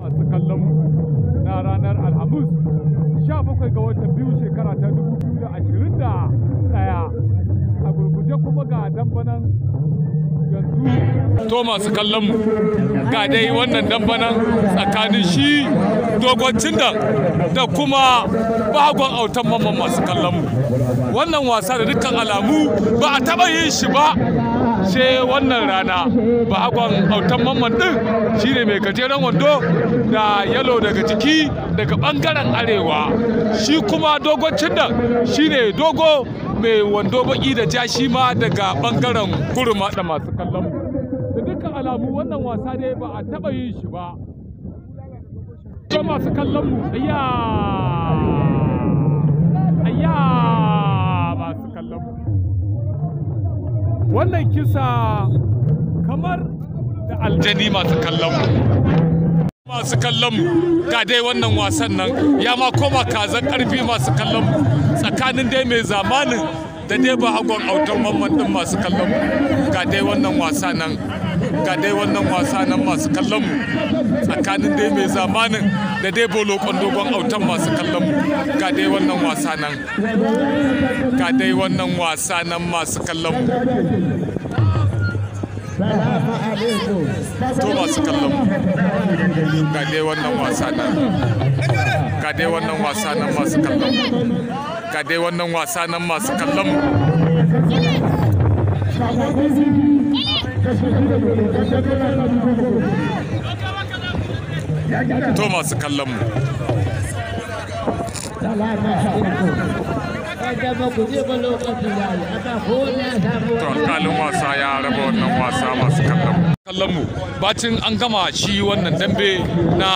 masu kallon mu na ranar alhamis 17 ga watan biyu shekara ta 2021 a gurguje kuma ga dambanan yanzu to masu kallon mu ga dai wannan dambanan tsakanin shi dogoncin da da kuma bagon autan mamman masu kallon mu wannan wasa da dukkan alamu ba a taɓa yin shi ba sai wannan rana ba hagon autan mamman din shine mai gajeren wando da yalo daga ciki daga bangaren arewa shi kuma dogon cinnan shine dogo mai wando baki da ja ma daga bangaren kurma da masu kallon da dukkan alamu wannan wasa ne ba a taba yin shi ba masu kallon mu ayya ayya wannan kisa kamar da aljani masu kallon masu kallon ga dai wannan wasan nan ya ma koma kazan karfi masu kallon tsakanin dai mai zamanin da dai ba hagon autan mamman din masu kallon ga dai wannan wasa nan ga dai wannan wasa nan masu kallon mu tsakanin dai mai zamanin da dai bolo kwandogon autan masu kallon mu ga dai wannan wasa nan ga dai wannan wasa nan masu kallon mu to masu kallon mu ga dai wannan wasa nan ga dai wannan wasa nan masu kallon mu ga dai wannan wasa nan masu kallon mu to masu kallon to kalin wasa ya raba wannan wasa masu kallonmu bacin an gama shi wannan dambe na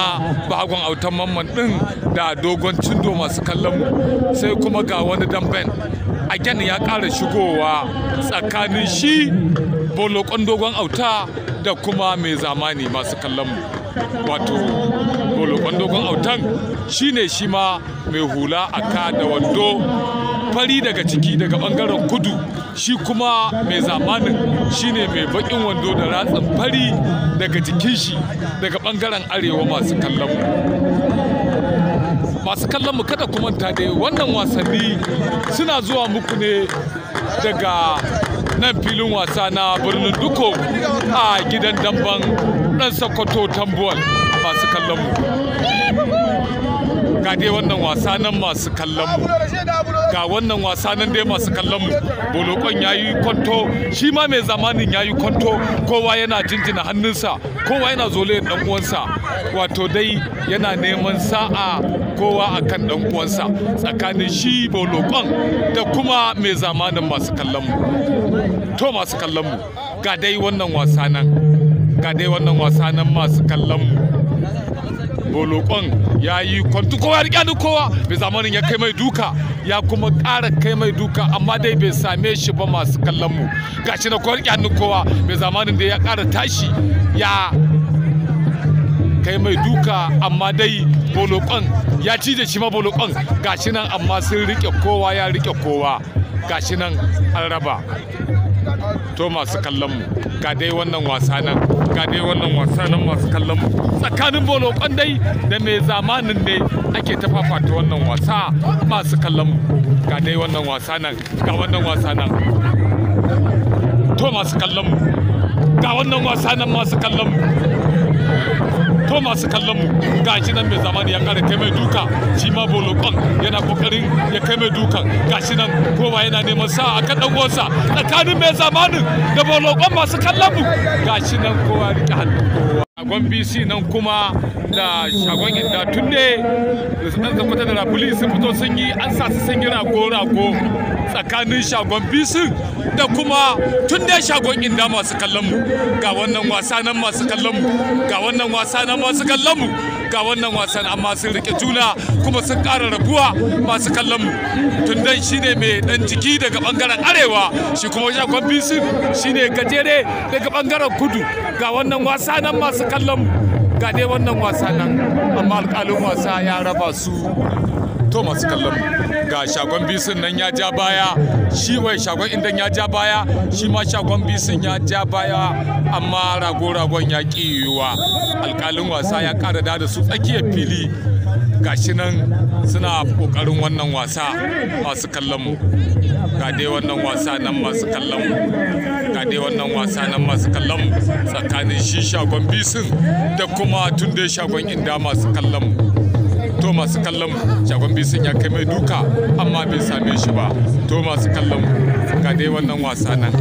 bagon autan mamman din da dogon cindo masu kallonmu sai kuma ga wani damben again ya kara shigowa tsakanin shi bolokon dogon auta da kuma mai zamani masu kallonmu wato golokon dogon autan shine shi ma mai hula a ka da wando fari daga ciki daga bangaren kudu shi kuma mai zamanin shi ne mai bakin wando da ratsin fari daga jikin shi daga bangaren arewa masu kallon masu kallon mu kada kuma ta dai wannan wasanni suna zuwa muku ne daga nan filin wasa na birnin duko a gidan damban ɗan sokoto tambuwal masu kallon mu ga dai wannan wasa nan masu kallon mu ga wannan wasa nan dai masu kallon mu bolokon ya yi kwanto shi ma mai zamanin ya yi kwanto kowa yana jinjina hannunsa kowa yana zole ɗan uwansa wato dai yana neman sa'a kowa akan ɗan uwansa tsakanin shi bolokon da kuma mai zamanin masu kallon mu to masu kallon mu ga dai wannan wasa nan ga dai wannan wasa nan masu kallon mu bolokon ya yi kwantu kowa ya ni kowa mai zamanin ya kai mai duka ya kuma ƙara kai mai duka amma dai bai same shi ba masu kallon mu gashi na kowa ya ni kowa mai zamanin da ya ƙara tashi ya kai mai duka amma dai bolokon ya ci da shi ma bolokon gashi nan amma sun rike kowa ya rike kowa gashi nan an raba to masu kallon mu ga dai wannan wasa nan ga dai wannan wasa nan masu kallon tsakanin bolo kwandai da mai zamanin ne ake ta fafata wannan wasa masu kallon ga dai wannan wasa nan ga wannan wasa nan to masu kallon ga wannan wasa nan masu kallon to masu kallon mu ga shi nan mai zamani ya kara kai mai duka shi ma bolokon yana kokarin ya kai mai dukan shi nan kowa yana neman sa akan dan tsakanin mai zamanin da bolokon masu kallon mu ga shi nan kowa rike hannu kowa shagon bc nan kuma da shagon yadda tun ne da su ɗan da rafuli sun fito sun yi an sa su sun yi rago-rago tsakanin shagon bc da kuma tun da shagon inda masu kallon mu ga wannan wasa nan masu kallon mu ga wannan wasa nan masu kallon mu ga wannan wasan amma sun rike juna kuma sun ƙara rabuwa masu kallon mu tundan shine mai dan jiki daga bangaren arewa shi kuma shakon bisu shine gajere daga bangaren kudu ga wannan wasa nan masu kallon mu ga dai wannan wasa nan amma alƙalin wasa ya raba su to masu kallon mu ga shagon bisin nan ya ja baya shi wai shagon inda ya ja baya shi ma shagon bisin ya ja baya amma rago-ragon ya ƙi yiwuwa alƙalin wasa ya ƙara da su tsakiyar fili gashi nan suna kokarin wannan wasa masu kallon mu ga dai wannan wasa nan masu kallon mu ga dai wannan wasa nan masu kallon mu tsakanin shi shagon bisin da kuma tunde shagon inda masu kallon mu to masu kallon shagon bisan ya kai mai duka amma bai same shi ba to masu kallon ga dai wannan wasa nan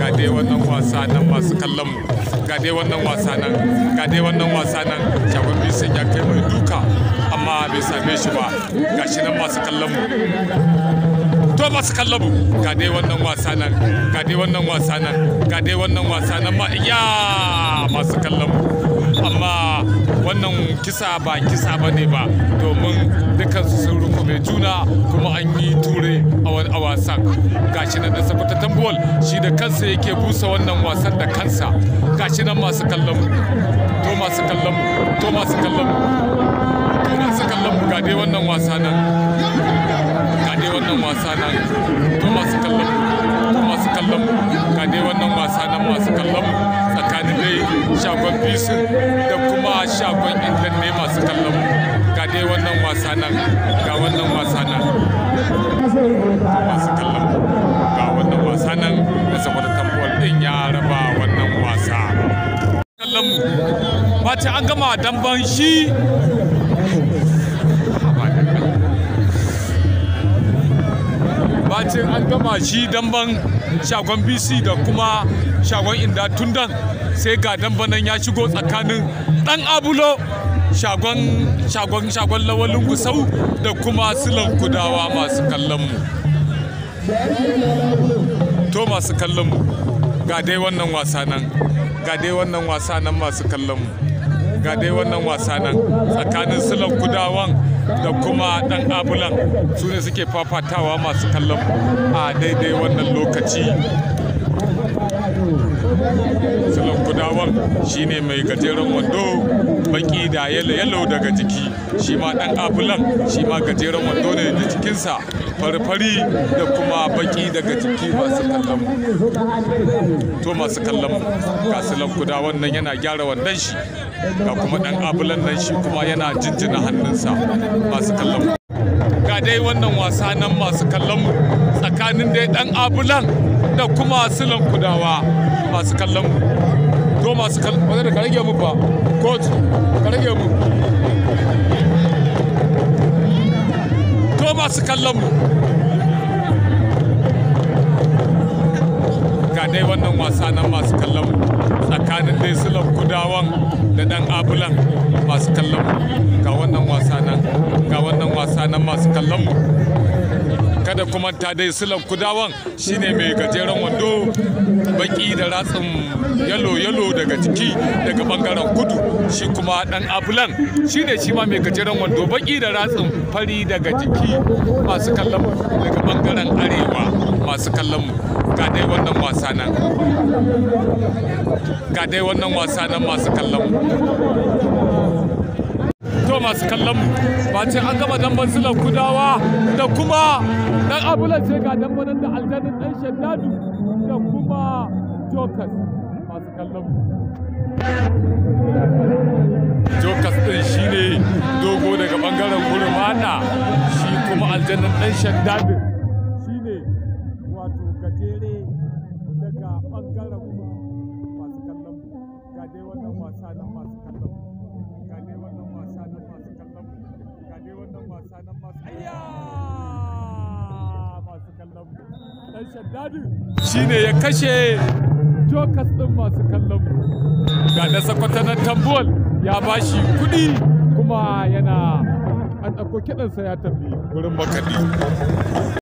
ga dai wannan wasa nan masu kallon ga dai wannan wasa nan ga dai wannan wasa nan shagon bisan ya kai mai duka bai same shi ba ga shi nan masu kallon mu to masu kallon mu ga dai wannan wasa nan ga dai wannan wasa nan ga dai wannan wasa nan ma ya masu kallon mu amma wannan kisa ba kisa ba ne ba domin dukansu sun rungume juna kuma an yi ture a wasan gashi nan da sabuta tambol shi da kansa yake busa wannan wasan da kansa gashi nan masu kallon to masu kallon to masu kallon masu kallon mu gade wannan wasa nan gade wannan wasa nan to masu kallon mu masu kallon mu gade wannan wasa nan masu kallon mu tsakanin dai shagon bisu da kuma shagon inland ne masu kallon mu gade wannan wasa nan ga wannan wasa nan masu kallon mu ga wannan wasa nan da saboda tambuwar din ya raba wannan wasa kallon mu ba an gama damban shi bacin an gama shi damban shagon bc da kuma shagon inda tundan sai ga damban nan ya shigo tsakanin dan abulo shagon shagon shagon lawalin gusau da kuma silan kudawa masu kallon mu to masu kallon mu ga dai wannan wasa nan ga dai wannan wasa nan masu kallon mu ga dai wannan wasa nan tsakanin sulan kudawan da kuma dan abulan su ne suke fafatawa masu kallon a daidai wannan lokaci sulan kudawan shine mai gajeren wando baki da yalo daga jiki shi ma dan abulan shi ma gajeren wando ne da jikinsa farfari da kuma baki daga jiki masu kallon to masu kallon ga sulan kudawan nan yana gyara wandon shi ga kuma dan abulan nan shi kuma yana jinjina hannunsa masu kallon mu. ga dai wannan wasa nan masu kallon mu tsakanin dai dan abulan da kuma silan kudawa masu kallon mu to masu kallon wanda ka rage mu fa coach ka rage mu to masu kallon mu dai wannan wasa na masu kallon tsakanin dai sulan gudawan da dan abulan masu kallon ga wannan wasa nan ga wannan wasa nan masu kallon kada kuma ta dai silan kudawan shine mai gajeren wando baki da ratsin yalo yalo daga jiki daga bangaren kudu shi kuma dan abulan shine shi ma mai gajeren wando baki da ratsin fari daga jiki masu kallon daga bangaren arewa masu kallon mu ga dai wannan wasa nan ga dai wannan wasa nan masu kallon mu to masu kallon mu ba ce an gama dan silan kudawa da kuma dan abulan ce ga banan da aljanin dan shaddadu da kuma jokas masu kallon mu jokas din shine dogo daga bangaren gurmana shi kuma aljanin dan shaddadu wannan shine ya kashe jokas ɗin masu kallon mu ga na sakwatanar tambol ya bashi kuɗi kuma yana an ɗauko kiɗansa ya tafi wurin makaɗi